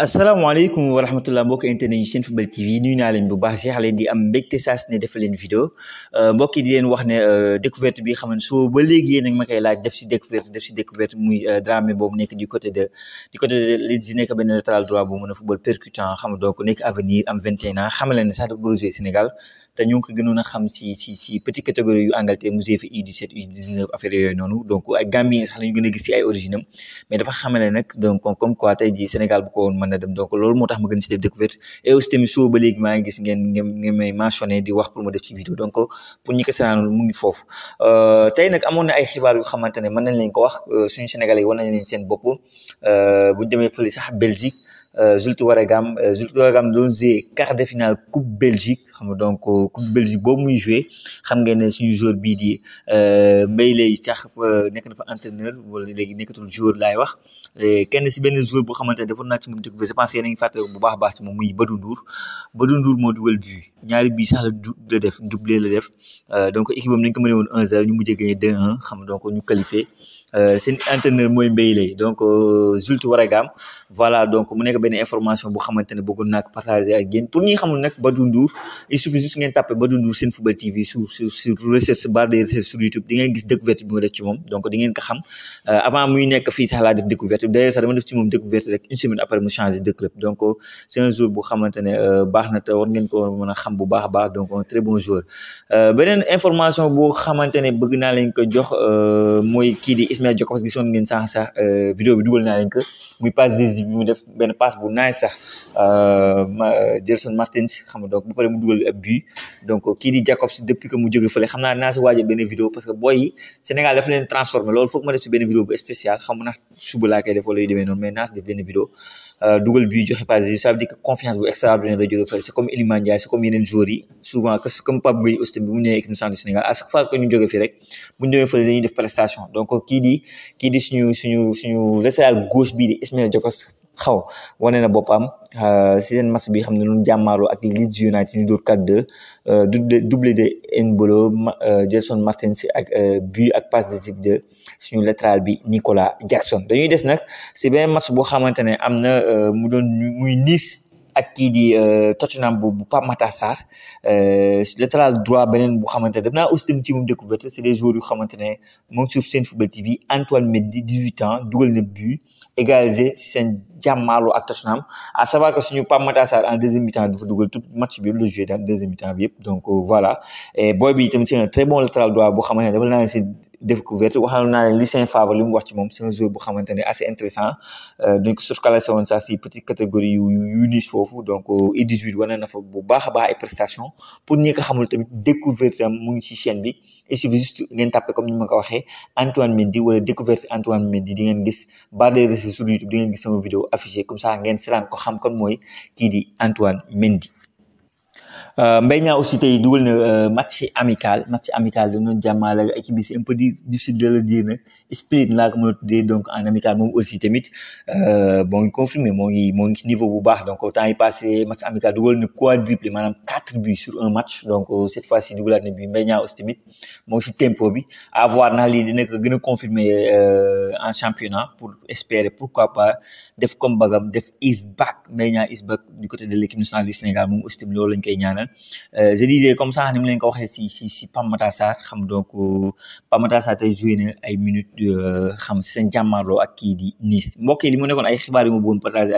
asalaamaaleykum wa rahmatulah mbokk internet yi Senfootball TV nuyu naa leen bu baax seex leen di am mbégte saa su ne defal leen vidéo euh, di leen wax ne euh, xam ne soo ba léegi yéen a laaj def si découverte def si découverte muy euh, Dramé boobu nekk du côté de du côté de Leeds nekk benn latéral droit a football percutant xam nga donc nekk avenir am 21 ans ñu ko gënoon a xam si si si petite catégorie yu Angleterre mu jouer fi U17 U19 affaire yooyu noonu donc ay Gambien sax la ñu gën ay origine mais dafa xamal ne donc comme quoi tey bu ko mën a dem donc loolu moo tax ma gën si def découverte et aussi tamit suba ba léegi maa ngi gis ngeen ngeen may mentionné di wax pour ma def ci vidéo donc pour ñi ko mu ngi foofu euh, tey nag amoon euh, euh, sax Belgique Jules Waregem Jules Waregem doon joué quart de finale coupe Belgique boobu muy joué xam ngeen suñu joueur bii di Mbaye Leye Thiakh nekk na fa entraîneur wala léegi nekkatul joueur laay wax kenn si benn joueur boo xamante ne naa ci moom je pense que a un bu baax baax ci peu muy Badou dur, Badou Ndour basse, ñaari basse, doublé euh, donc équipe basse, gagné 1-0 ñu avons gagné 2-1 donc ñu qualifions c'est euh, entraîneur mooy Mbaye Leye donc euh, Jules Waregam voilà donc mu nekk ben information bu xamante ne nak partager ak yéen pour ñi xamul nak Badou Ndour il suffit juste ngeen tapé Badou Ndour seen football TV sur sur sur recherche barre des recherches sur YouTube di ngeen gis découverte bi ma def ci mom donc di ngeen ko xam euh, avant muy nekk fi sax la def découverte bi d'ailleurs sax dama def ci mom découverte rek une semaine après mu changé de club donc c'est un jour bu xamante ne baax na te war ngeen ko mëna xam bu baax a baax donc un très bon joueur benen information bu xamante ne bëgg naa leen ko jox mooy kii di et mais j'ai construit une grande chance vidéo vidéo là avec moi passe des images ben passe bon nice ça eh, eh, Jerson Martins comme donc vous parlez vidéo but donc qui dit Jacobs depuis que Mujeru fait les comme là nice ouais j'ai ben vidéo parce que boy Sénégal a fait une transformation alors faut que moi je fasse ben vidéo spécial comme là sous le lac et les volets de ben on mais nice de ben vidéo Euh, dugal bii joxe passe décisive ça veut dire que confiance bu extraordinaire la jóge fa c'est comme Iliman Ndiaye c'est comme yeneen joueurs souvent comme Pape Gueye aussi tamit bu mu nee équipe nationale Sénégal à chaque fois que ñu jóge fii rek bu ñu demee fële def prestation donc kii di kii di suñu suñu suñu latéral gauche bii di Ismaël Jakobs xaw woné na bopam euh ci sen match bi xamné ne noonu ak Leeds United ñu dóor 4-2 euh doublé de Embolo euh, Jason Martins ak euh, but ak passe décisive de suñu latéral bi Nicolas Jackson dañuy dess nak ci ben match bo xamantene amna am euh, mu doon muy Nice ak kii di Tottenham bu bu Pape Matar Sarr latéral droit beneen bu xamante ne def naa aussi tamit ci moom découverte c'est des joueurs yu xamante ne moom sur seen football TV Antoine Mendy 18 ans dugal na but égaliser si seen jàmmaaloo ak Tottenham à savoir que suñu Pape Matar en deuxième mi-temps dafa dougal tout match bi le jouer dans deuxième mi-temps yépp donc euh, voilà et boy bi itam c'est un très bon latéral droit boo xamante ne dafa naa leen découverte waxal na len Lucien Favre li mu wax ci mom c'est un joueur boo xamante assez intéressant dañ ko surclassé woon saa si petite catégorie yu yu niche foofu donc e euh, 18 wane na fa bu baax a baax prestation pour ñi nga xamul tamit découverte am mu ngi ci chaîne bi si vous juste ngeen tapé comme ni ma ko Antoine Mendy wala découverte Antoine Mendy di ngeen gis barre des recherches sur YouTube di ngeen gis sama vidéo affiché comme ça ngeen seetaan ko xam kon mooy kii di Antoine Mendy. Euh, Mbaye aussi tay dugal na euh, match amical match amical dañu jàmmaale ak équipe bi c'est un peu difficile de le dire nag esprit laa ko mën donc en amical moom aussi tamit euh bon confirmé moo ngi ngi niveau bu baax donc temps il passé match amical dugal na quadruplé manam quatre buts sur un match donc euh, cette fois ci dugalaat na bi Mbaye aussi tamit mo ci tempo bi à voir ndax lii dina ko gën a en championnat pour espérer pourquoi pas def comme bagam def is back Mbaye is back du côté de l'équipe nationale du Sénégal moom aussi tamit loolu lañ koy ñaanal je disais comme ça ni mu leen ko waxee si si si Pape Matar xam donc Pape Matar Sarr tey joué na ay eh, minutes xam seen jàmmarloo ak kii di Nice mbokk yi li mu ay xibaar yu ma bëggoon